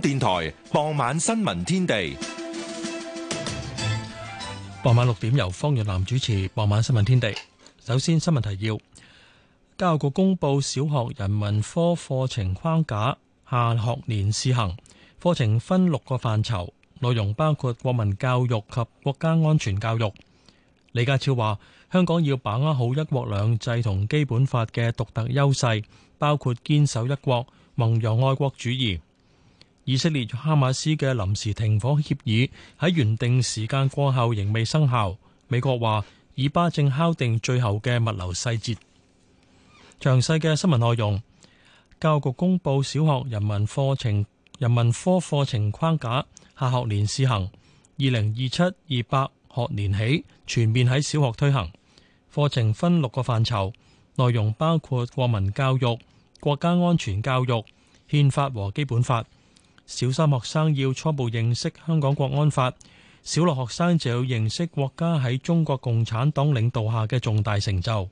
電台傍晚新聞天地，傍晚六點由方若男主持。傍晚新聞天地，首先新聞提要：教育局公布小學人文科課程框架，下學年試行。課程分六個範疇，內容包括國民教育及國家安全教育。李家超話，香港要把握好一國兩制同基本法嘅獨特優勢，包括堅守一國、弘揚愛國主義。以色列哈馬斯嘅臨時停火協議喺原定時間過後仍未生效。美國話以巴正敲定最後嘅物流細節。詳細嘅新聞內容，教育局公佈小學人文課程、人文科課程框架，下學年試行，二零二七二八學年起全面喺小學推行，課程分六個範疇，內容包括國民教育、國家安全教育、憲法和基本法。小三學生要初步認識香港國安法，小六學生就要認識國家喺中國共產黨領導下嘅重大成就。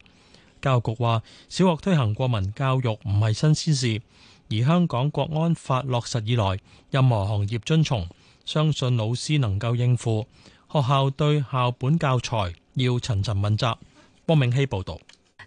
教育局話，小學推行國民教育唔係新鮮事，而香港國安法落實以來，任何行業遵從，相信老師能夠應付。學校對校本教材要層層問責。郭明熙報道。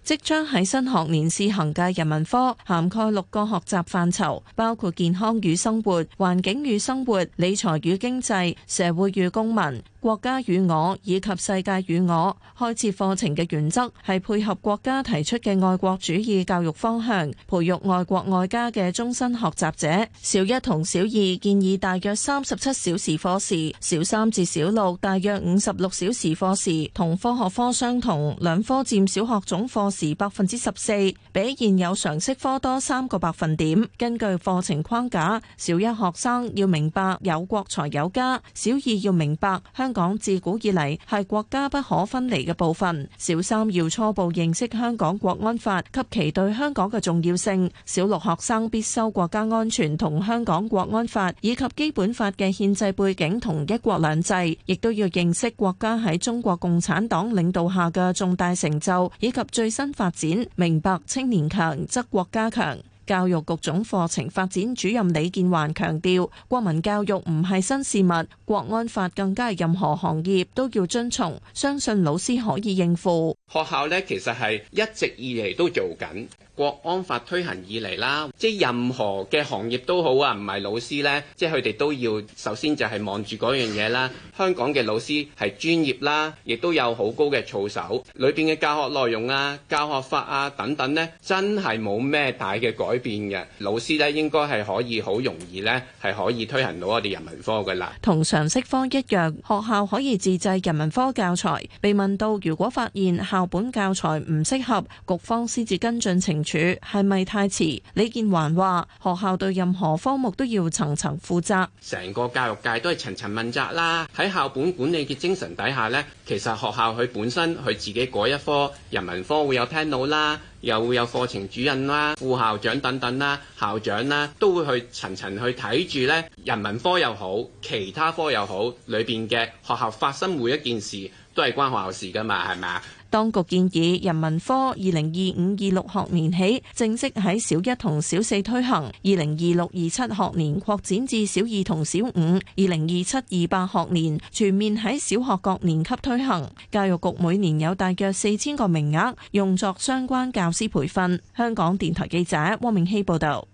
即將喺新學年試行嘅人文科，涵蓋六個學習範疇，包括健康與生活、環境與生活、理財與經濟、社會與公民。國家與我以及世界與我，開設課程嘅原則係配合國家提出嘅愛國主義教育方向，培育愛國愛家嘅終身學習者。小一同小二建議大約三十七小時課時，小三至小六大約五十六小時課時，同科學科相同，兩科佔小學總課時百分之十四，比現有常識科多三個百分點。根據課程框架，小一學生要明白有國才有家，小二要明白香港自古以嚟係國家不可分離嘅部分。小三要初步認識香港國安法及其對香港嘅重要性。小六學生必修國家安全同香港國安法以及基本法嘅憲制背景同一國兩制，亦都要認識國家喺中國共產黨領導下嘅重大成就以及最新發展，明白青年強則國家強。教育局總課程發展主任李健環強調，國民教育唔係新事物，國安法更加係任何行業都要遵從，相信老師可以應付。學校呢，其實係一直以嚟都做緊。國安法推行以嚟啦，即任何嘅行業都好啊，唔係老師呢，即係佢哋都要首先就係望住嗰樣嘢啦。香港嘅老師係專業啦，亦都有好高嘅操守，裏邊嘅教學內容啊、教學法啊等等呢，真係冇咩大嘅改變嘅。老師呢，應該係可以好容易呢，係可以推行到我哋人文科㗎喇。同常識科一樣，學校可以自製人文科教材。被問到如果發現校本教材唔適合，局方先至跟進程序。處係咪太遲？李健環話：學校對任何科目都要層層負責，成個教育界都係層層問責啦。喺校本管理嘅精神底下呢，其實學校佢本身佢自己改一科，人文科會有聽到啦。又會有課程主任啦、副校長等等啦、校長啦，都會去層層去睇住呢。人文科又好，其他科又好，裏邊嘅學校發生每一件事都係關學校事㗎嘛，係咪啊？當局建議人文科二零二五二六學年起正式喺小一同小四推行，二零二六二七學年擴展至小二同小五，二零二七二八學年全面喺小學各年級推行。教育局每年有大約四千個名額，用作相關教司培訓，香港電台記者汪明熙報導。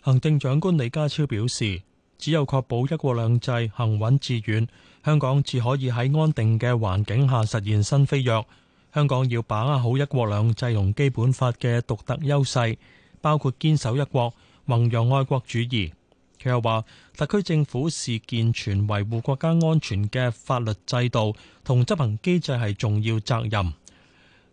行政長官李家超表示，只有確保一國兩制行穩致遠，香港至可以喺安定嘅環境下實現新飛躍。香港要把握好一國兩制同基本法嘅獨特優勢，包括堅守一國、弘揚愛國主義。佢又話，特區政府是健全維護國家安全嘅法律制度同執行機制係重要責任。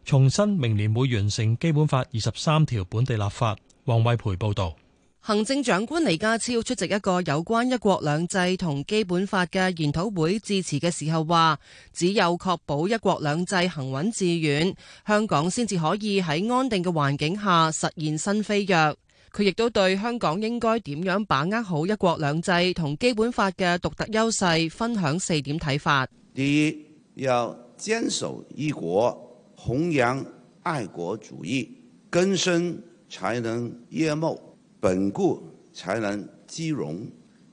重申明年會完成基本法二十三條本地立法。黃偉培報道，行政長官李家超出席一個有關一國兩制同基本法嘅研討會致辭嘅時候話，只有確保一國兩制行穩致遠，香港先至可以喺安定嘅環境下實現新飛躍。佢亦都對香港應該點樣把握好一國兩制同基本法嘅獨特優勢，分享四點睇法。第一，要堅守一國。弘揚愛國主義，根深才能葉茂，本固才能基榮。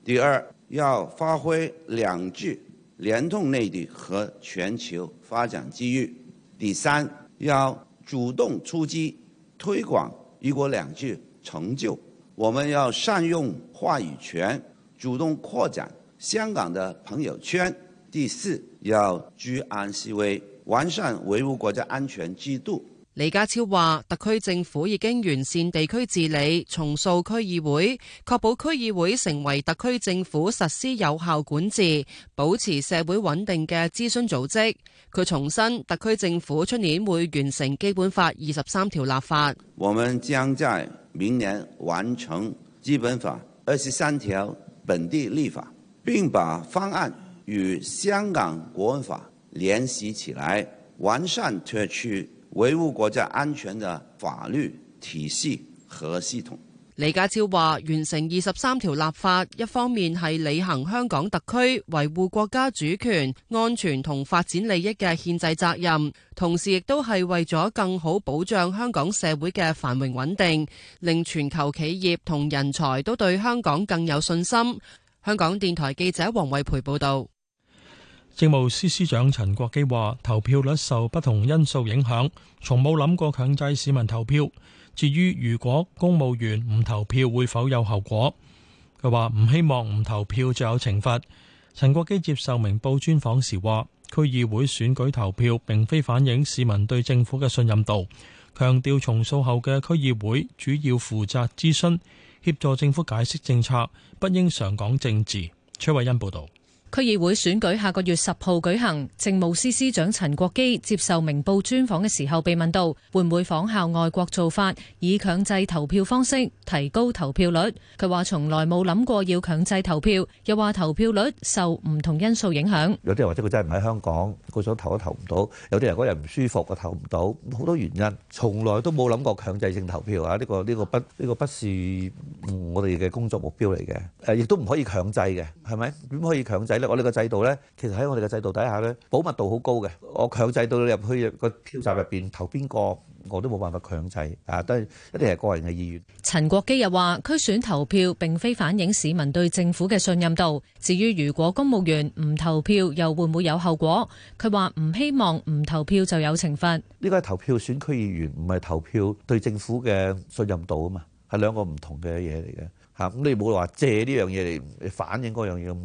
第二，要發揮兩制聯動內地和全球發展機遇。第三，要主動出擊，推廣一國兩制成就。我們要善用話語權，主動擴展香港的朋友圈。第四，要居安思危。完善維護國家安全制度。李家超話特區政府已經完善地區治理，重塑區議會，確保區議會成為特區政府實施有效管治、保持社會穩定嘅諮詢組織。佢重申，特區政府出年會完成基本法二十三條立法。我們將在明年完成基本法二十三條本地立法，並把方案與香港國安法。聯繫起來，完善特區維護國家安全的法律體系和系統。李家超話：完成二十三條立法，一方面係履行香港特區維護國家主權、安全同發展利益嘅憲制責任，同時亦都係為咗更好保障香港社會嘅繁榮穩定，令全球企業同人才都對香港更有信心。香港電台記者黃慧培報道。政務司司長陳國基話：投票率受不同因素影響，從冇諗過強制市民投票。至於如果公務員唔投票會否有後果，佢話唔希望唔投票就有懲罰。陳國基接受明報專訪時話：區議會選舉投票並非反映市民對政府嘅信任度，強調重塑後嘅區議會主要負責諮詢，協助政府解釋政策，不應常講政治。崔慧欣報道。區議會選舉下個月十號舉行，政務司司長陳國基接受明報專訪嘅時候，被問到會唔會仿效外國做法，以強制投票方式提高投票率。佢話從來冇諗過要強制投票，又話投票率受唔同因素影響。有啲人或者佢真係唔喺香港，佢想投都投唔到；有啲人嗰日唔舒服，佢投唔到，好多原因，從來都冇諗過強制性投票啊！呢個呢個不呢個不是我哋嘅工作目標嚟嘅，誒，亦都唔可以強制嘅，係咪？點可以強制呢？我哋嘅制度呢，其實喺我哋嘅制度底下呢，保密度好高嘅。我強制到你入去個票站入邊投邊個，我都冇辦法強制。啊，都係一定係個人嘅意願。陳國基又話：區選投票並非反映市民對政府嘅信任度。至於如果公務員唔投票，又會唔會有後果？佢話唔希望唔投票就有懲罰。呢個係投票選區議員，唔係投票對政府嘅信任度啊嘛，係兩個唔同嘅嘢嚟嘅。嚇咁、嗯、你冇話借呢樣嘢嚟反映嗰樣嘢，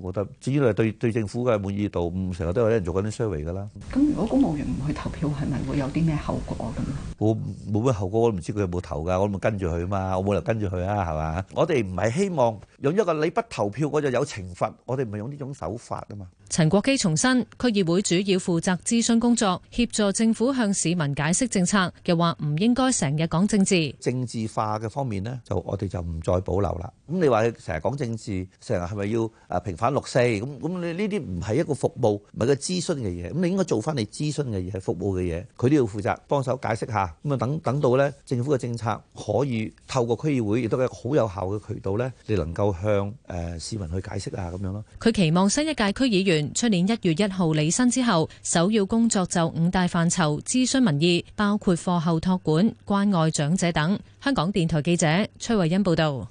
我覺得至於嚟對對政府嘅滿意度，唔成日都有啲人做緊啲 survey 嘅啦。咁如果公務員唔去投票，係咪會有啲咩後果咁啊？冇冇咩後果？我都唔知佢有冇投㗎，我咪跟住佢啊嘛，我冇理由跟住佢啊，係嘛？我哋唔係希望用一個你不投票我就有懲罰，我哋唔係用呢種手法啊嘛。陳國基重申，區議會主要負責諮詢工作，協助政府向市民解釋政策。又話唔應該成日講政治。政治化嘅方面呢，我就我哋就唔再保留啦。咁你話成日講政治，成日係咪要誒平反六四？咁咁你呢啲唔係一個服務，唔係個諮詢嘅嘢。咁你應該做翻你諮詢嘅嘢，係服務嘅嘢。佢都要負責幫手解釋下。咁啊，等等到呢政府嘅政策可以透過區議會亦都係好有效嘅渠道呢，你能夠向誒市民去解釋啊咁樣咯。佢期望新一屆區議員，出年一月一號履新之後，首要工作就五大範疇諮詢民意，包括課後託管、關愛長者等。香港電台記者崔慧欣報道。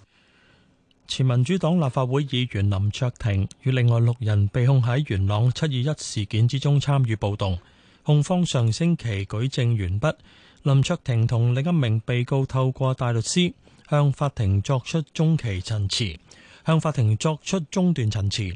前民主黨立法會議員林卓廷與另外六人被控喺元朗七二一事件之中參與暴動，控方上星期舉證完畢，林卓廷同另一名被告透過大律師向法庭作出中期陳詞，向法庭作出中段陳詞。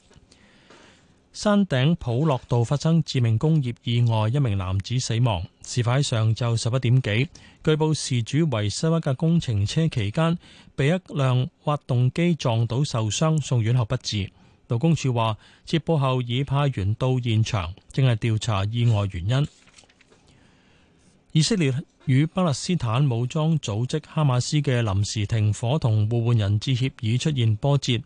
山頂普樂道發生致命工業意外，一名男子死亡。事發喺上晝十一點幾，據報事主維修一架工程車期間，期間被一輛挖洞機撞倒受傷，送院後不治。勞工處話，接報後已派員到現場，正係調查意外原因。以色列與巴勒斯坦武裝組織哈馬斯嘅臨時停火同互換人質協議出現波折。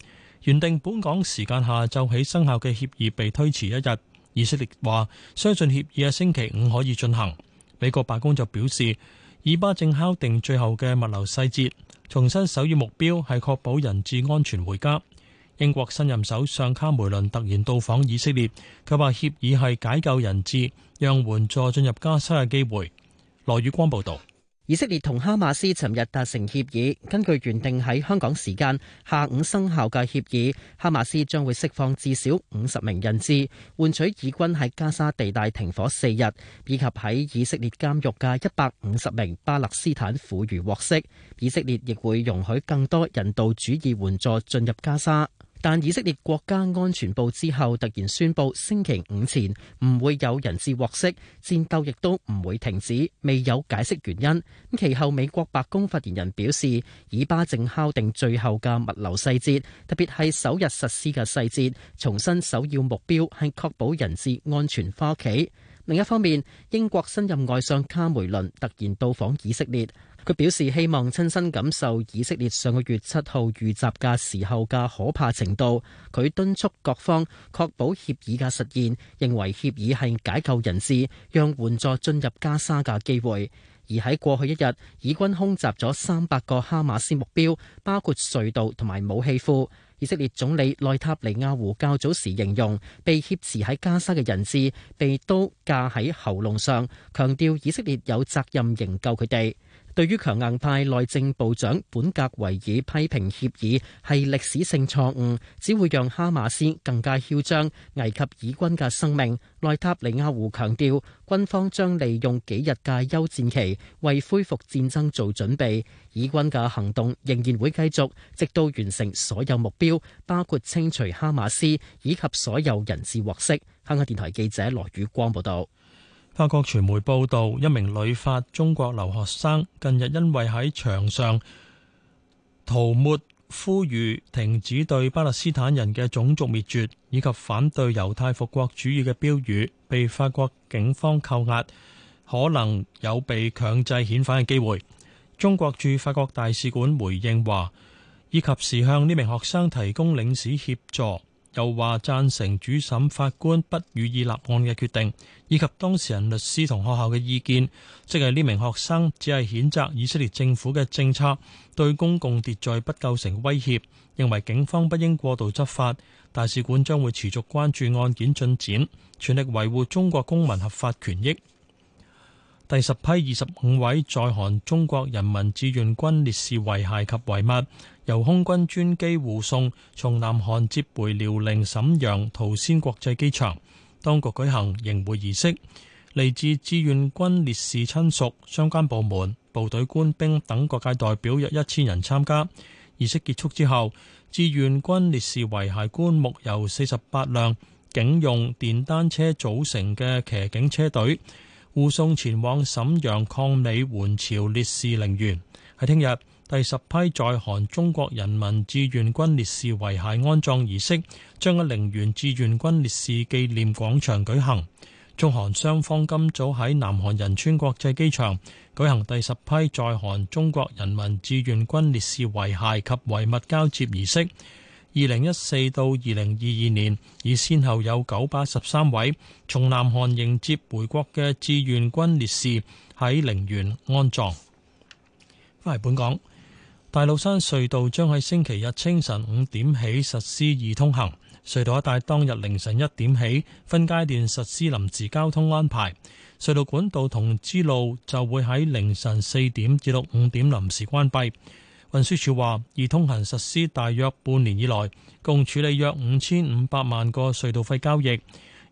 原定本港時間下晝起生效嘅協議被推遲一日。以色列話相信協議喺星期五可以進行。美國白宮就表示，以巴正敲定最後嘅物流細節，重申首要目標係確保人質安全回家。英國新任首相卡梅倫突然到訪以色列，佢話協議係解救人質，讓援助進入加沙嘅機會。羅宇光報道。以色列同哈馬斯尋日達成協議，根據原定喺香港時間下午生效嘅協議，哈馬斯將會釋放至少五十名人質，換取以軍喺加沙地帶停火四日，以及喺以色列監獄嘅一百五十名巴勒斯坦婦孺獲釋。以色列亦會容許更多人道主義援助進入加沙。但以色列國家安全部之後突然宣布，星期五前唔會有人質獲釋，戰鬥亦都唔會停止，未有解釋原因。咁其後美國白宮發言人表示，以巴正敲定最後嘅物流細節，特別係首日實施嘅細節，重申首要目標係確保人質安全返屋企。另一方面，英國新任外相卡梅倫突然到訪以色列。佢表示希望親身感受以色列上個月七號遇襲嘅時候嘅可怕程度。佢敦促各方確保協議嘅實現，認為協議係解救人質、讓援助進入加沙嘅機會。而喺過去一日，以軍空襲咗三百個哈馬斯目標，包括隧道同埋武器庫。以色列總理內塔尼亞胡較早時形容，被挾持喺加沙嘅人質被刀架喺喉嚨上，強調以色列有責任營救佢哋。對於強硬派內政部長本格維爾批評協議係歷史性錯誤，只會讓哈馬斯更加囂張，危及以軍嘅生命。內塔尼亞胡強調，軍方將利用幾日嘅休戰期為恢復戰爭做準備，以軍嘅行動仍然會繼續，直到完成所有目標，包括清除哈馬斯以及所有人質獲釋。香港電台記者羅宇光報道。法國傳媒報道，一名旅法中國留學生近日因為喺牆上塗抹呼籲停止對巴勒斯坦人嘅種族滅絕以及反對猶太復國主義嘅標語，被法國警方扣押，可能有被強制遣返嘅機會。中國駐法國大使館回應話，已及時向呢名學生提供領事協助。又話贊成主審法官不予以立案嘅決定，以及當事人律師同學校嘅意見，即係呢名學生只係譴責以色列政府嘅政策對公共秩序不構成威脅，認為警方不應過度執法。大使館將會持續關注案件進展，全力維護中國公民合法權益。第十批二十五位在韓中國人民志願軍烈士遺骸及遺物，由空軍專機護送從南韓接回遼寧沈陽桃仙國際機場。當局舉行迎回儀式，嚟自志願軍烈士親屬、相關部門、部隊官兵等各界代表約一千人參加。儀式結束之後，志願軍烈士遺骸棺木由四十八輛警用電單車組成嘅騎警車隊。護送前往瀋陽抗美援朝烈士陵園。喺聽日，第十批在韓中國人民志願軍烈士遺骸安葬儀式將喺陵園志願軍烈士紀念廣場舉行。中韓雙方今早喺南韓仁川國際機場舉行第十批在韓中國人民志願軍烈士遺骸及遺物交接儀式。二零一四到二零二二年，已先後有九百十三位從南韓迎接回國嘅志願軍烈士喺陵園安葬。翻嚟，本港，大老山隧道將喺星期日清晨五點起實施易通行，隧道一帶當日凌晨一點起分階段實施臨時交通安排，隧道管道同支路就會喺凌晨四點至到五點臨時關閉。運輸署話，易通行實施大約半年以來，共處理約五千五百萬個隧道費交易，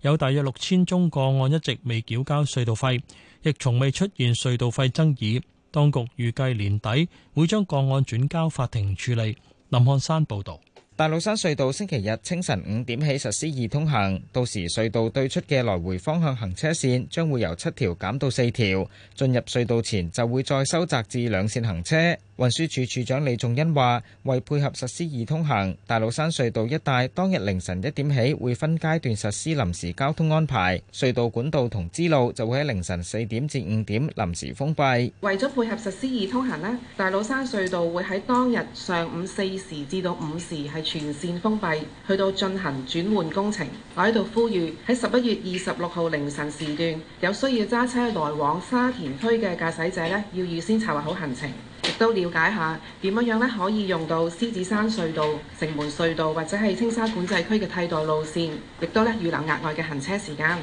有大約六千宗個案一直未繳交隧道費，亦從未出現隧道費爭議。當局預計年底會將個案轉交法庭處理。林漢山報道，大老山隧道星期日清晨五點起實施易通行，到時隧道對出嘅來回方向行車線將會由七條減到四條，進入隧道前就會再收窄至兩線行車。運輸署，署署長李仲恩話，為配合實施易通行，大老山隧道一帶當日凌晨一點起會分階段實施臨時交通安排，隧道管道同支路就會喺凌晨四點至五點臨時封閉。為咗配合實施易通行咧，大老山隧道會喺當日上午四時至到五時係全線封閉，去到進行轉換工程。我喺度呼籲喺十一月二十六號凌晨時段有需要揸車來往沙田區嘅駕駛者呢，要預先策劃好行程。都了解下點樣樣咧，可以用到獅子山隧道、城門隧道或者係青沙管制區嘅替代路線，亦都咧預留額外嘅行車時間。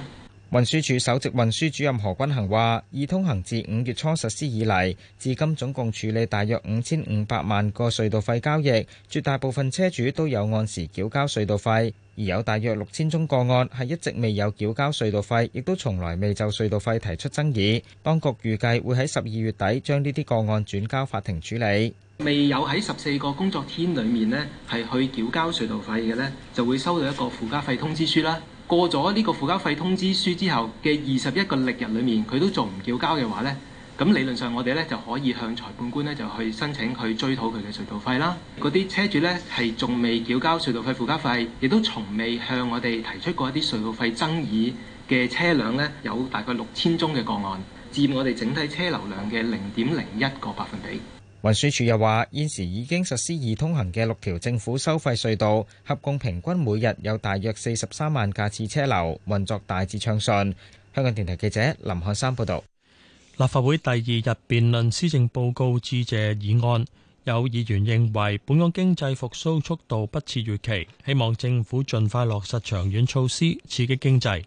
運輸署首席運輸主任何君衡話，易通行自五月初實施以嚟，至今總共處理大約五千五百萬個隧道費交易，絕大部分車主都有按時繳交隧道費。而有大約六千宗個案係一直未有繳交隧道費，亦都從來未就隧道費提出爭議。當局預計會喺十二月底將呢啲個案轉交法庭處理。未有喺十四個工作天裡面呢係去繳交隧道費嘅呢，就會收到一個附加費通知書啦。過咗呢個附加費通知書之後嘅二十一個歷日裡面，佢都仲唔繳交嘅話呢。咁理論上，我哋咧就可以向裁判官呢就去申請去追討佢嘅隧道費啦。嗰啲車主呢係仲未繳交隧道費附加費，亦都從未向我哋提出過一啲隧道費爭議嘅車輛呢有大概六千宗嘅個案，佔我哋整體車流量嘅零點零一個百分比。運輸署又話，現時已經實施易通行嘅六條政府收費隧道，合共平均每日有大約四十三萬架次車流，運作大致暢順。香港電台記者林漢山報道。立法會第二日辯論施政報告致謝議案，有議員認為本港經濟復蘇速度不似預期，希望政府盡快落實長遠措施刺激經濟。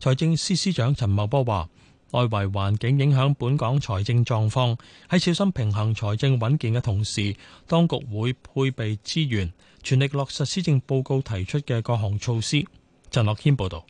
財政司司長陳茂波話，外圍環境影響本港財政狀況，喺小心平衡財政穩健嘅同時，當局會配備資源，全力落實施政報告提出嘅各項措施。陳樂軒報道。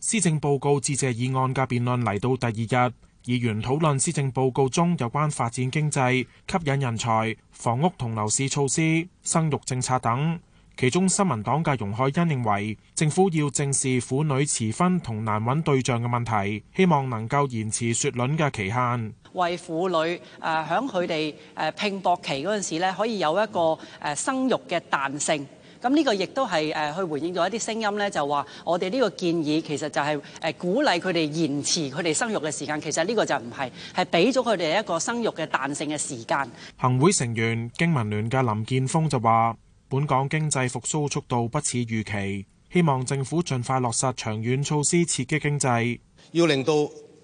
施政報告致謝議案嘅辯論嚟到第二日。議員討論施政報告中有關發展經濟、吸引人才、房屋同樓市措施、生育政策等。其中，新民黨嘅容海恩認為，政府要正視婦女遲婚同難揾對象嘅問題，希望能夠延遲雪卵嘅期限，為婦女誒喺佢哋誒拼搏期嗰陣時咧，可以有一個誒生育嘅彈性。咁呢個亦都係誒去回應咗一啲聲音咧，就話我哋呢個建議其實就係誒鼓勵佢哋延遲佢哋生育嘅時間，其實呢個就唔係，係俾咗佢哋一個生育嘅彈性嘅時間。行會成員經民聯嘅林健鋒就話，本港經濟復甦速度不似預期，希望政府盡快落實長遠措施刺激經濟，要令到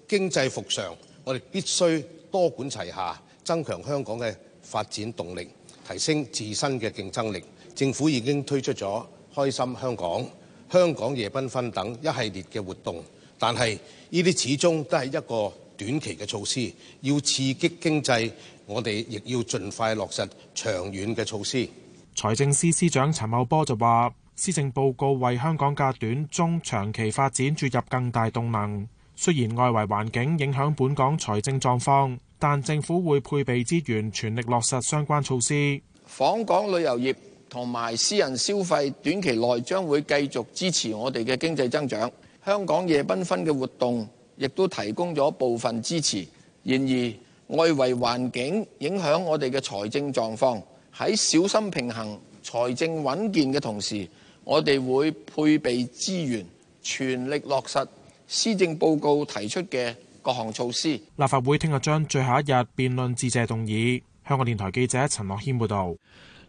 經濟復常，我哋必須多管齊下，增強香港嘅發展動力，提升自身嘅競爭力。政府已經推出咗《開心香港》《香港夜繽紛》等一系列嘅活動，但係呢啲始終都係一個短期嘅措施。要刺激經濟，我哋亦要盡快落實長遠嘅措施。財政司司，司長陳茂波就話，施政報告為香港嘅短中長期發展注入更大動能。雖然外圍環境影響本港財政狀況，但政府會配備資源，全力落實相關措施。訪港旅遊業。同埋私人消費短期內將會繼續支持我哋嘅經濟增長。香港夜繽紛嘅活動亦都提供咗部分支持。然而，外圍環境影響我哋嘅財政狀況。喺小心平衡財政穩健嘅同時，我哋會配備資源，全力落實施政報告提出嘅各項措施。立法會聽日將最後一日辯論致謝動議。香港電台記者陳樂軒報導。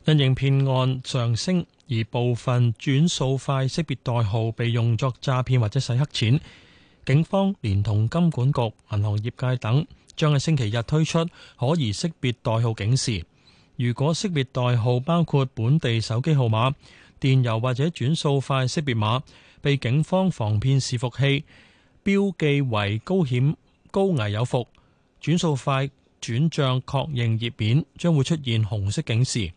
因應騙案上升，而部分轉數快識別代號被用作詐騙或者洗黑錢，警方連同金管局、銀行業界等，將喺星期日推出可疑識別代號警示。如果識別代號包括本地手機號碼、電郵或者轉數快識別碼，被警方防騙視伏器標記為高險高危有伏，轉數快轉賬確認頁面將會出現紅色警示。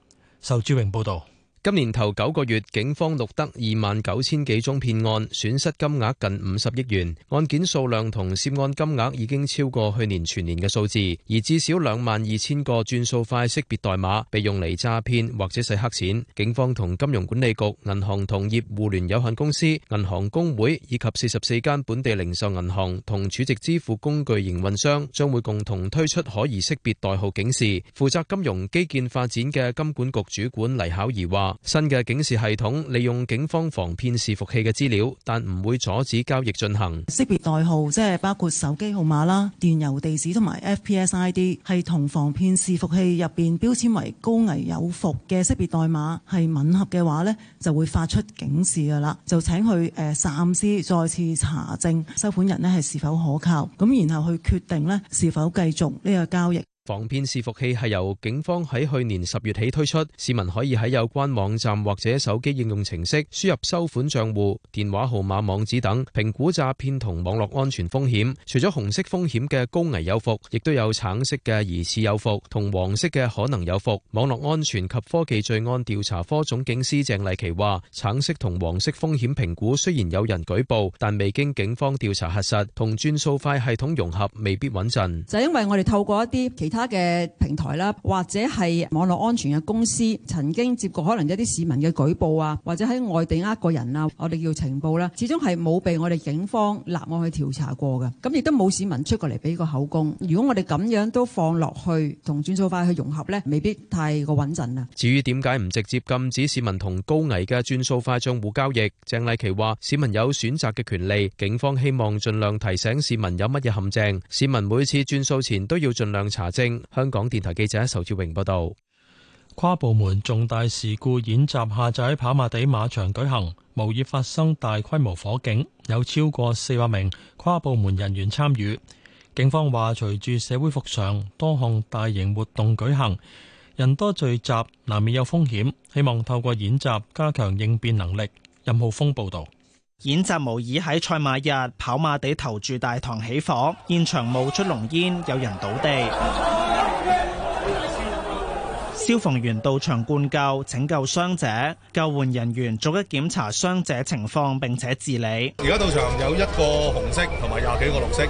仇志榮報道。今年頭九個月，警方錄得二萬九千幾宗騙案，損失金額近五十億元，案件數量同涉案金額已經超過去年全年嘅數字。而至少兩萬二千個轉數快識別代碼被用嚟詐騙或者洗黑錢。警方同金融管理局、銀行同業互聯有限公司、銀行公會以及四十四間本地零售銀行同儲值支付工具營運商將會共同推出可疑識別代號警示。負責金融基建發展嘅金管局主管黎巧儀話。新嘅警示系統利用警方防騙伺服器嘅資料，但唔會阻止交易進行。識別代號即係包括手機號碼啦、電郵地址同埋 FPSID，係同防騙伺服器入邊標籤為高危有伏嘅識別代碼係吻合嘅話呢就會發出警示噶啦，就請佢誒暫時再次查證收款人咧係是否可靠，咁然後去決定呢是否繼續呢個交易。防騙伺服器係由警方喺去年十月起推出，市民可以喺有關網站或者手機應用程式輸入收款賬戶、電話號碼、網址等，評估詐騙同網絡安全風險。除咗紅色風險嘅高危有伏，亦都有橙色嘅疑似有伏同黃色嘅可能有伏。網絡安全及科技罪案調查科總警司鄭麗琪話，橙色同黃色風險評估雖然有人舉報，但未經警方調查核實，同轉數快系統融合未必穩陣。就因為我哋透過一啲其他其他嘅平台啦，或者係網絡安全嘅公司，曾經接過可能一啲市民嘅舉報啊，或者喺外地呃過人啊，我哋叫情報啦。始終係冇被我哋警方立案去調查過嘅，咁亦都冇市民出過嚟俾個口供。如果我哋咁樣都放落去同轉數快去融合咧，未必太過穩陣啊。至於點解唔直接禁止市民同高危嘅轉數快帳戶交易？鄭麗琪話：市民有選擇嘅權利，警方希望盡量提醒市民有乜嘢陷阱，市民每次轉數前都要盡量查證。香港電台記者仇志榮報道，跨部門重大事故演習下就喺跑馬地馬場舉行，模擬發生大規模火警，有超過四百名跨部門人員參與。警方話，隨住社會復常，多項大型活動舉行，人多聚集，難免有風險，希望透過演習加強應變能力。任浩峰報道，演習模擬喺賽馬日跑馬地投注大堂起火，現場冒出濃煙，有人倒地。消防員到場灌救、拯救傷者，救援人員逐一檢查傷者情況，並且治理。而家到場有一個紅色同埋廿幾個綠色，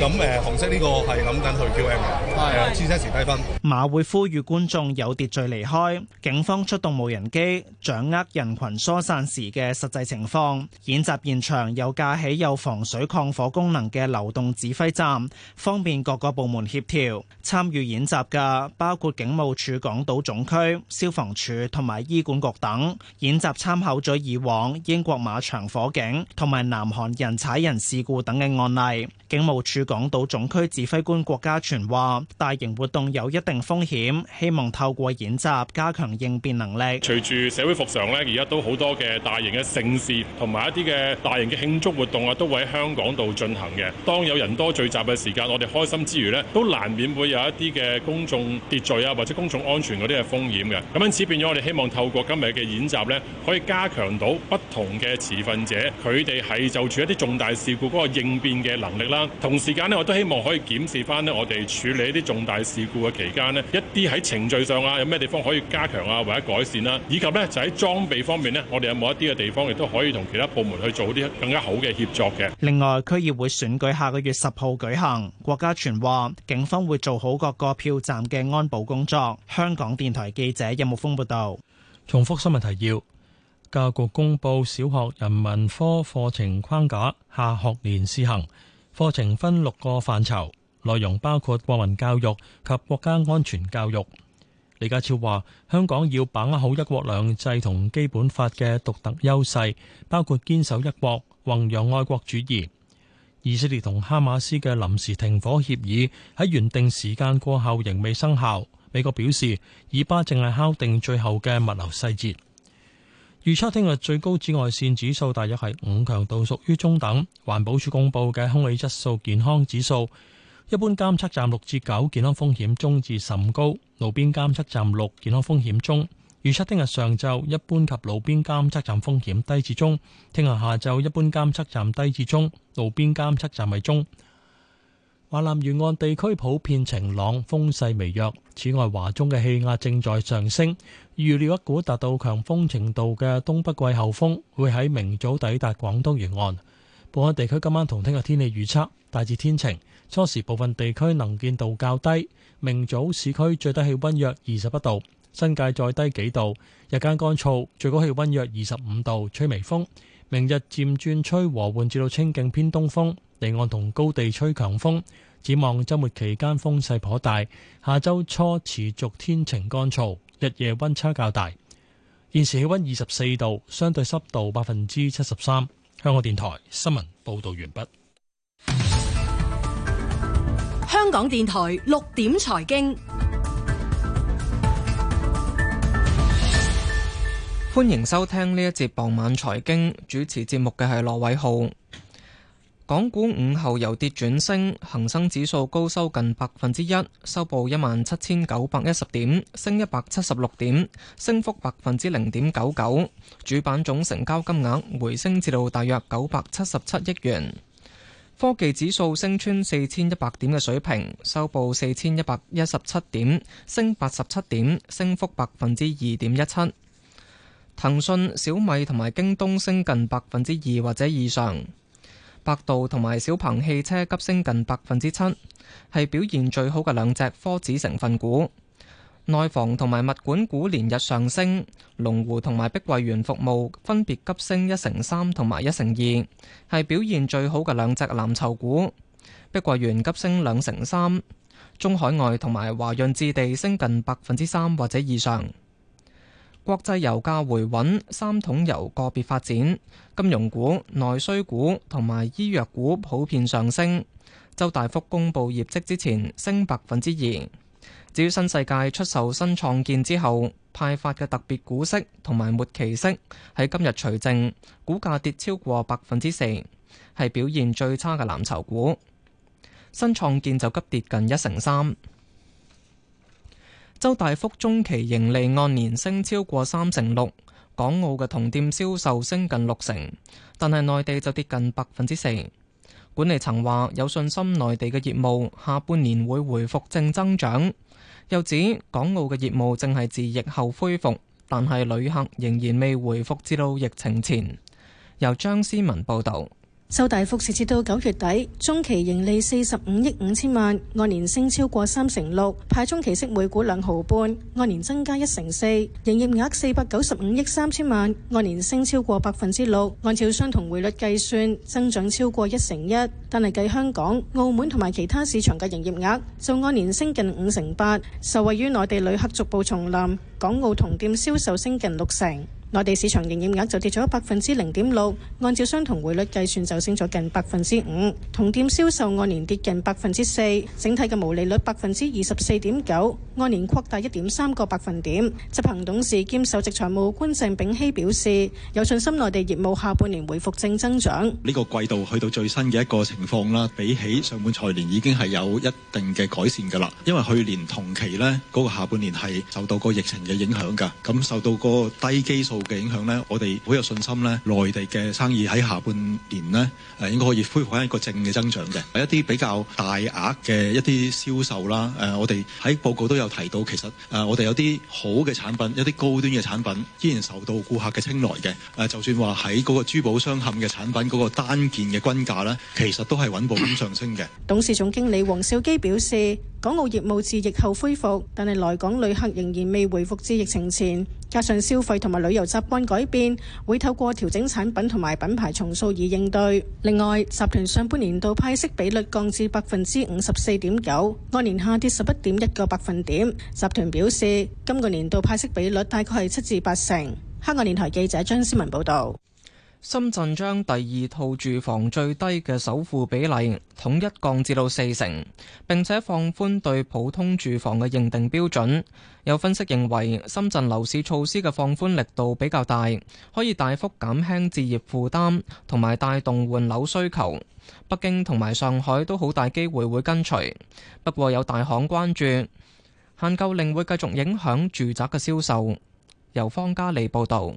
咁誒是、呃、紅色呢個係諗緊去 QM 嘅是，係啊、呃，是馬會呼籲觀眾有秩序離開，警方出動無人機掌握人群疏散時嘅實際情況。演習現場有架起有防水、抗火功能嘅流動指揮站，方便各個部門協調。參與演習嘅包括警務處、港島。總區消防處同埋醫管局等演習參考咗以往英國馬場火警同埋南韓人踩人事故等嘅案例。警務處港島總區指揮官郭家泉話，大型活動有一定風險，希望透過演習加強應變能力。隨住社會復常呢，而家都好多嘅大型嘅盛事同埋一啲嘅大型嘅慶祝活動啊，都會喺香港度進行嘅。當有人多聚集嘅時間，我哋開心之餘呢都難免會有一啲嘅公眾秩序啊，或者公眾安全啲。即係風險嘅，咁因此變咗我哋希望透過今日嘅演習呢可以加強到不同嘅持份者，佢哋係就住一啲重大事故嗰個應變嘅能力啦。同時間呢，我都希望可以檢視翻呢我哋處理一啲重大事故嘅期間呢一啲喺程序上啊，有咩地方可以加強啊，或者改善啦，以及呢，就喺裝備方面呢，我哋有冇一啲嘅地方亦都可以同其他部門去做啲更加好嘅協作嘅。另外，區議會選舉下個月十號舉行，國家傳話警方會做好各個票站嘅安保工作，香港。電台記者任木峰報道：重複新聞提要，教育局公布小學人文科課程框架，下學年試行。課程分六個範疇，內容包括國民教育及國家安全教育。李家超話：香港要把握好一國兩制同基本法嘅獨特優勢，包括堅守一國、弘揚愛國主義。以色列同哈馬斯嘅臨時停火協議喺原定時間過後仍未生效。美國表示，以巴淨係敲定最後嘅物流細節。預測聽日最高紫外線指數大約係五強度，屬於中等。環保署公布嘅空氣質素健康指數，一般監測站六至九，健康風險中至甚高；路邊監測站六，健康風險中。預測聽日上晝一般及路邊監測站風險低至中，聽日下晝一般監測站低至中，路邊監測站係中。華南沿岸地區普遍晴朗，風勢微弱。此外，華中嘅氣壓正在上升，預料一股達到強風程度嘅東北季候風會喺明早抵達廣東沿岸。本港地區今晚同聽日天氣預測大致天晴，初時部分地區能見度較低。明早市區最低氣溫約二十一度，新界再低幾度。日間乾燥，最高氣溫約二十五度，吹微風。明日漸轉吹和緩至到清勁偏東風。離岸同高地吹強風，展望周末期間風勢頗大。下周初持續天晴乾燥，日夜溫差較大。現時氣溫二十四度，相對濕度百分之七十三。香港電台新聞報道完畢。香港電台六點財經，財經歡迎收聽呢一節傍晚財經，主持節目嘅係羅偉浩。港股午後由跌轉升，恒生指數高收近百分之一，收報一萬七千九百一十點，升一百七十六點，升幅百分之零點九九。主板總成交金額回升至到大約九百七十七億元。科技指數升穿四千一百點嘅水平，收報四千一百一十七點，升八十七點，升幅百分之二點一七。騰訊、小米同埋京東升近百分之二或者以上。百度同埋小鵬汽車急升近百分之七，係表現最好嘅兩隻科指成分股。內房同埋物管股連日上升，龍湖同埋碧桂園服務分別急升一成三同埋一成二，係表現最好嘅兩隻藍籌股。碧桂園急升兩成三，中海外同埋華潤置地升近百分之三或者以上。國際油價回穩，三桶油個別發展。金融股、內需股同埋醫藥股普遍上升。周大福公布業績之前升百分之二。至於新世界出售新創建之後派發嘅特別股息同埋末期息喺今日除淨，股價跌超過百分之四，係表現最差嘅藍籌股。新創建就急跌近一成三。周大福中期盈利按年升超過三成六，港澳嘅同店銷售升近六成，但係內地就跌近百分之四。管理層話有信心內地嘅業務下半年會回復正增長，又指港澳嘅業務正係自疫後恢復，但係旅客仍然未回復至到疫情前。由張思文報道。周大福，截至到九月底，中期盈利四十五億五千萬，按年升超過三成六，派中期息每股兩毫半，按年增加一成四，營業額四百九十五億三千萬，按年升超過百分之六，按照相同匯率計算，增長超過一成一。但係計香港、澳門同埋其他市場嘅營業額，就按年升近五成八，受惠於內地旅客逐步重臨，港澳同店銷售升近六成。內地市場營業額就跌咗百分之零點六，按照相同匯率計算就升咗近百分之五，同店銷售按年跌近百分之四，整體嘅毛利率百分之二十四點九，按年擴大一點三個百分點。執行董事兼首席財務官鄭炳希表示：有信心內地業務下半年回復正增長。呢個季度去到最新嘅一個情況啦，比起上半財年已經係有一定嘅改善㗎啦，因為去年同期呢嗰個下半年係受到個疫情嘅影響㗎，咁受到個低基數。嘅影響呢，我哋好有信心呢，內地嘅生意喺下半年呢誒應該可以恢復翻一個正嘅增長嘅。一啲比較大額嘅一啲銷售啦，誒我哋喺報告都有提到，其實誒我哋有啲好嘅產品，有啲高端嘅產品依然受到顧客嘅青睞嘅。誒就算話喺嗰個珠寶商嵌嘅產品嗰個單件嘅均價呢，其實都係穩步咁上升嘅。董事總經理黃少基表示。港澳業務自疫後恢復，但係來港旅客仍然未回復至疫情前。加上消費同埋旅遊習慣改變，會透過調整產品同埋品牌重塑而應對。另外，集團上半年度派息比率降至百分之五十四點九，按年下跌十一點一個百分點。集團表示，今個年度派息比率大概係七至八成。香港電台記者張思文報道。深圳將第二套住房最低嘅首付比例統一降至到四成，並且放寬對普通住房嘅認定標準。有分析認為，深圳樓市措施嘅放寬力度比較大，可以大幅減輕置業負擔，同埋帶動換樓需求。北京同埋上海都好大機會會跟隨，不過有大行關注限購令會繼續影響住宅嘅銷售。由方嘉利報道。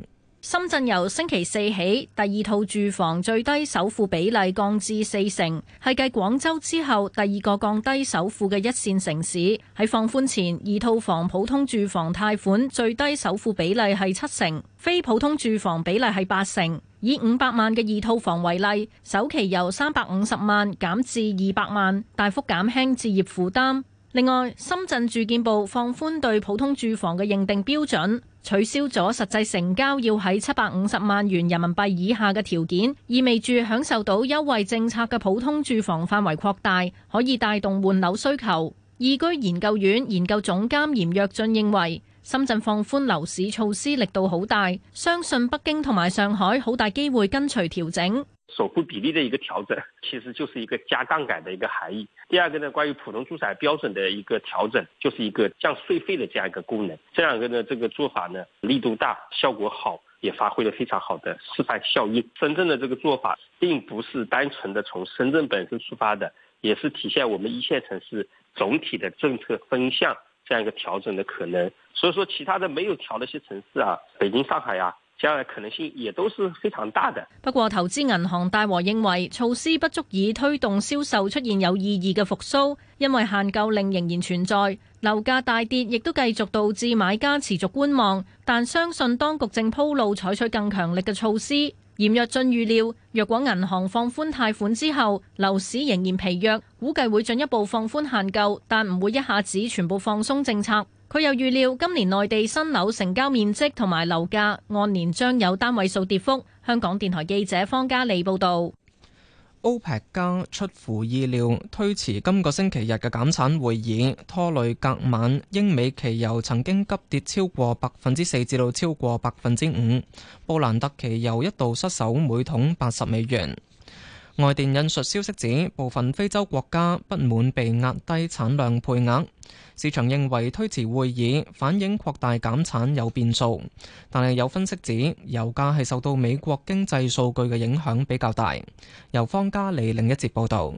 深圳由星期四起，第二套住房最低首付比例降至四成，係繼廣州之後第二個降低首付嘅一線城市。喺放寬前，二套房普通住房貸款最低首付比例係七成，非普通住房比例係八成。以五百萬嘅二套房為例，首期由三百五十萬減至二百萬，大幅減輕置業負擔。另外，深圳住建部放寬對普通住房嘅認定標準。取消咗實際成交要喺七百五十萬元人民幣以下嘅條件，意味住享受到優惠政策嘅普通住房範圍擴大，可以帶動換樓需求。易居研究院研究總監嚴躍進認為。深圳放寬樓市措施力度好大，相信北京同埋上海好大機會跟隨調整。首付比例的一個調整，其實就是一個加槓桿的一個含義。第二個呢，關於普通住宅標準的一個調整，就是一個降稅費的這樣一個功能。這兩個呢，這個做法呢，力度大，效果好，也發揮了非常好的示範效應。深圳的這個做法並不是單純的從深圳本身出發的，也是體現我們一線城市總體的政策風向。這樣一個調整的可能，所以說其他的沒有調那些城市啊，北京、上海啊，將來可能性也都是非常大的。不過，投資銀行大和認為措施不足以推動銷售出現有意義嘅復甦，因為限購令仍然存在，樓價大跌亦都繼續導致買家持續觀望，但相信當局正鋪路採取更強力嘅措施。嚴躍進預料，若果銀行放寬貸款之後，樓市仍然疲弱，估計會進一步放寬限購，但唔會一下子全部放鬆政策。佢又預料，今年內地新樓成交面積同埋樓價按年將有單位數跌幅。香港電台記者方嘉利報道。歐佩克加出乎意料推遲今個星期日嘅減產會議，拖累隔晚英美期油曾經急跌超過百分之四，至到超過百分之五。布蘭特期油一度失守每桶八十美元。外電引述消息指，部分非洲國家不滿被壓低產量配額，市場認為推遲會議反映擴大減產有變數。但係有分析指，油價係受到美國經濟數據嘅影響比較大。由方加利另一節報道。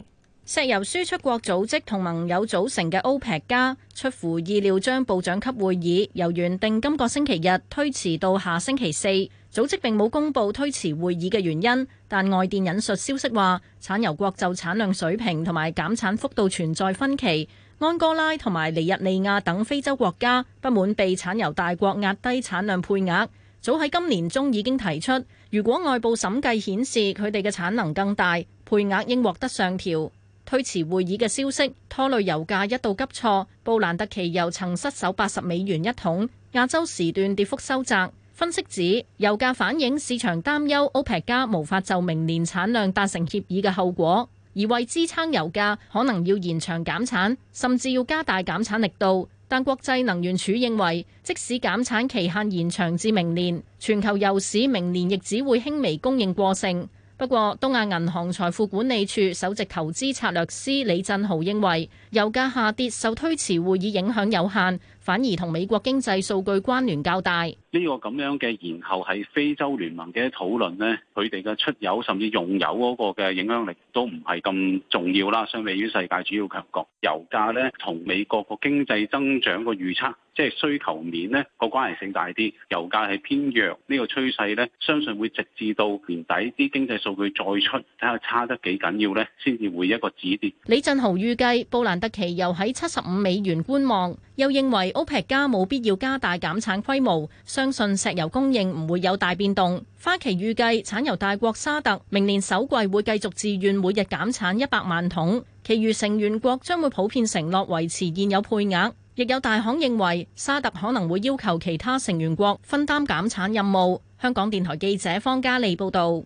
石油輸出國組織同盟友組成嘅歐佩克，出乎意料將部長級會議由原定今個星期日推遲到下星期四。組織並冇公布推遲會議嘅原因，但外電引述消息話，產油國就產量水平同埋減產幅度存在分歧。安哥拉同埋尼日利亞等非洲國家不滿被產油大國壓低產量配額，早喺今年中已經提出，如果外部審計顯示佢哋嘅產能更大，配額應獲得上調。推遲會議嘅消息拖累油價一度急挫，布蘭特期油曾失守八十美元一桶，亞洲時段跌幅收窄。分析指，油價反映市場擔憂 OPEC 加無法就明年產量達成協議嘅後果，而為支撐油價，可能要延長減產，甚至要加大減產力度。但國際能源署認為，即使減產期限延長至明年，全球油市明年亦只會輕微供應過剩。不過，東亞銀行財富管理處首席投資策略師李振豪認為。油價下跌受推遲會議影響有限，反而同美國經濟數據關聯較大。呢個咁樣嘅，然後係非洲聯盟嘅討論咧，佢哋嘅出油甚至用油嗰個嘅影響力都唔係咁重要啦。相比於世界主要強國，油價咧同美國個經濟增長個預測，即係需求面咧個關係性大啲。油價係偏弱呢個趨勢咧，相信會直至到年底啲經濟數據再出，睇下差得幾緊要咧，先至會一個止跌。李振豪預計布蘭。特奇又喺七十五美元觀望，又認為歐佩加冇必要加大減產規模，相信石油供應唔會有大變動，花旗預計產油大國沙特明年首季會繼續自願每日減產一百萬桶，其餘成員國將會普遍承諾維持現有配額，亦有大行認為沙特可能會要求其他成員國分擔減產任務，香港電台記者方嘉莉報道。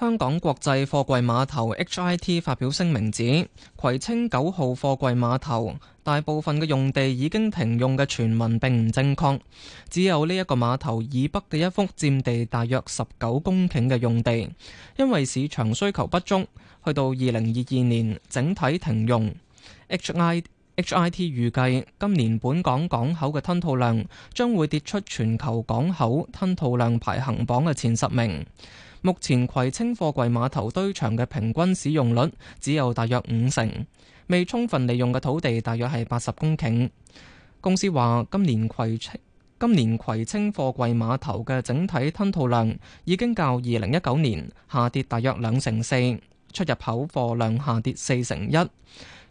香港國際貨櫃碼頭 HIT 發表聲明指，葵青九號貨櫃碼頭大部分嘅用地已經停用嘅傳聞並唔正確，只有呢一個碼頭以北嘅一幅佔地大約十九公頃嘅用地，因為市場需求不足，去到二零二二年整體停用。HIT 預計今年本港港口嘅吞吐量將會跌出全球港口吞吐量排行榜嘅前十名。目前葵青貨櫃碼頭堆場嘅平均使用率只有大約五成，未充分利用嘅土地大約係八十公頃。公司話今年葵青今年葵青貨櫃碼頭嘅整體吞吐量已經較二零一九年下跌大約兩成四，出入口貨量下跌四成一。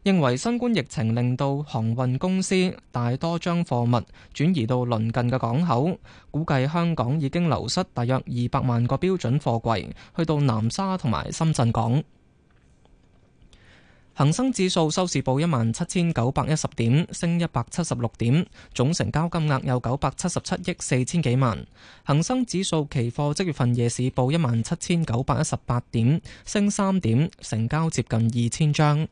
認為新冠疫情令到航運公司大多將貨物轉移到鄰近嘅港口，估計香港已經流失大約二百萬個標準貨櫃，去到南沙同埋深圳港。恒生指數收市報一萬七千九百一十點，升一百七十六點，總成交金額有九百七十七億四千幾萬。恒生指數期貨即月份夜市報一萬七千九百一十八點，升三點，成交接近二千張。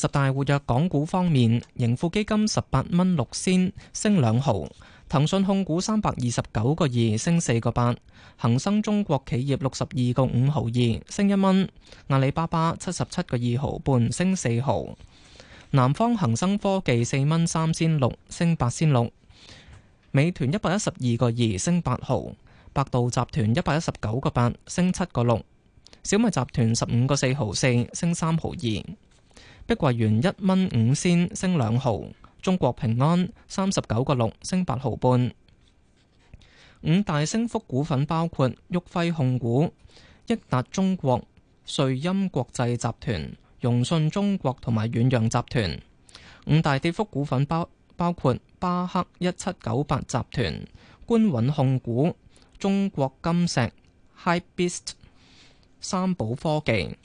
十大活躍港股方面，盈富基金十八蚊六仙升兩毫，騰訊控股三百二十九個二升四個八，恒生中國企業六十二個五毫二升一蚊，阿里巴巴七十七個二毫半升四毫，南方恒生科技四蚊三仙六升八仙六，美團一百一十二個二升八毫，百度集團一百一十九個八升七個六，小米集團十五個四毫四升三毫二。碧桂園一蚊五仙升兩毫，中國平安三十九個六升八毫半。五大升幅股份包括旭輝控股、億達中國、瑞音國際集團、融信中國同埋遠洋集團。五大跌幅股份包包括巴克一七九八集團、官穩控股、中國金石、HighBest、三寶科技。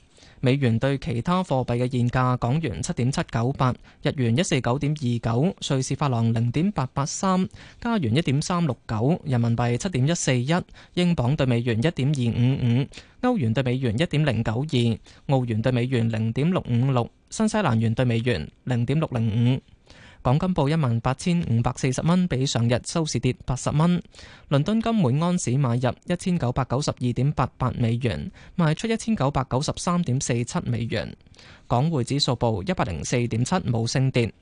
美元對其他貨幣嘅現價：港元七點七九八，日元一四九點二九，瑞士法郎零點八八三，加元一點三六九，人民幣七點一四一，英鎊對美元一點二五五，歐元對美元一點零九二，澳元對美元零點六五六，新西蘭元對美元零點六零五。港金報一萬八千五百四十蚊，比上日收市跌八十蚊。倫敦金每盎司買入一千九百九十二點八八美元，賣出一千九百九十三點四七美元。港匯指數報一百零四點七，冇升跌。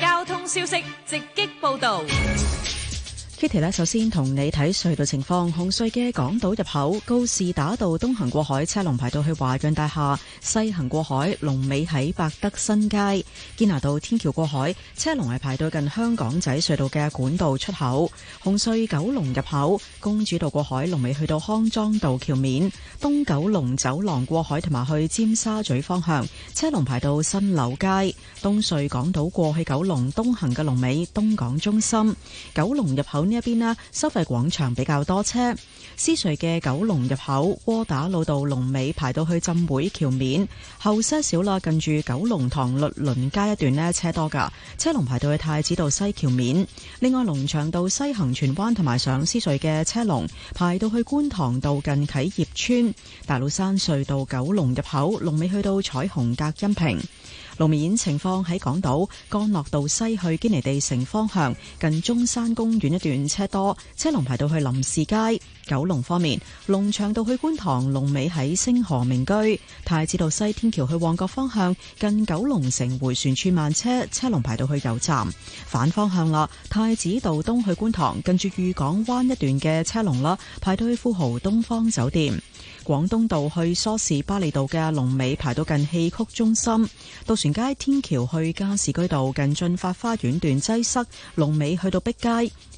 交通消息直擊報道。Kitty 咧，Katie，首先同你睇隧道情況。紅隧嘅港島入口告士打道東行過海，車龍排到去華潤大廈；西行過海，龍尾喺百德新街。堅拿道天橋過海，車龍係排到近香港仔隧道嘅管道出口。紅隧九龍入口公主道過海，龍尾去到康莊道橋面。東九龍走廊過海同埋去尖沙咀方向，車龍排到新樓街。東隧港島過去九龍東行嘅龍尾東港中心。九龍入口。呢一邊咧，收費廣場比較多車。獅隧嘅九龍入口，窩打老道，龍尾排到去浸會橋面，後些少啦。近住九龍塘律倫街一段呢，車多噶，車龍排到去太子道西橋面。另外，龍翔道西行荃灣同埋上獅隧嘅車龍排到去觀塘道近啟業村，大老山隧道九龍入口龍尾去到彩虹隔音屏。路面情況喺港島干諾道西去堅尼地城方向，近中山公園一段車多，車龍排到去林士街。九龍方面，龍翔道去觀塘，龍尾喺星河名居；太子道西天橋去旺角方向，近九龍城回旋處慢車，車龍排到去油站，反方向啦。太子道東去觀塘，近住御港灣一段嘅車龍啦，排到去富豪東方酒店。廣東道去梳士巴利道嘅龍尾排到近戲曲中心，渡船街天橋去加士居道近駿發花園段擠塞，龍尾去到碧街。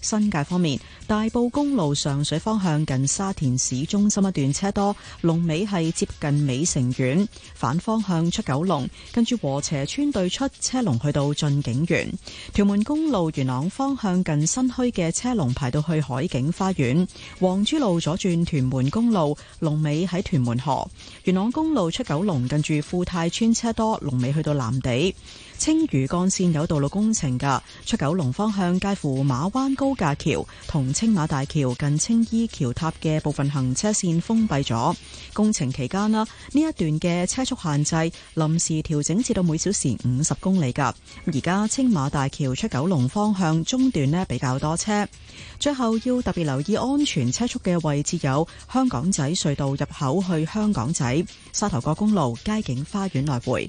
新界方面。大埔公路上水方向近沙田市中心一段車多，龍尾係接近美城苑；反方向出九龍，跟住禾輋村對出車龍去到駿景園。屯門公路元朗方向近新墟嘅車龍排到去海景花園。皇珠路左轉屯門公路，龍尾喺屯門河。元朗公路出九龍，跟住富泰村車多，龍尾去到藍地。青嶼幹線有道路工程噶，出九龍方向介乎馬灣高架橋同青馬大橋近青衣橋塔嘅部分行車綫封閉咗。工程期間啦，呢一段嘅車速限制臨時調整至到每小時五十公里噶。而家青馬大橋出九龍方向中段呢比較多車。最後要特別留意安全車速嘅位置有香港仔隧道入口去香港仔、沙頭角公路街景花園來回。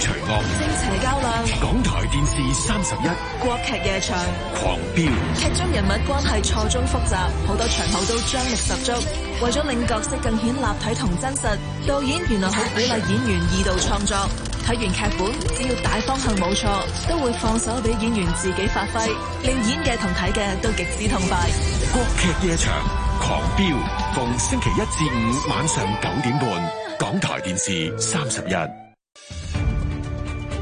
除惡正邪較量，港台電視三十一，國劇夜場狂飆飆，劇中人物關係錯綜複雜，好多場口都張力十足。為咗令角色更顯立體同真實，導演原來好鼓勵演員二度創作。睇完劇本，只要大方向冇錯，都會放手俾演員自己發揮，令演嘅同睇嘅都極之痛快。國劇夜場狂飆，逢星期一至五晚上九點半，港台電視三十一。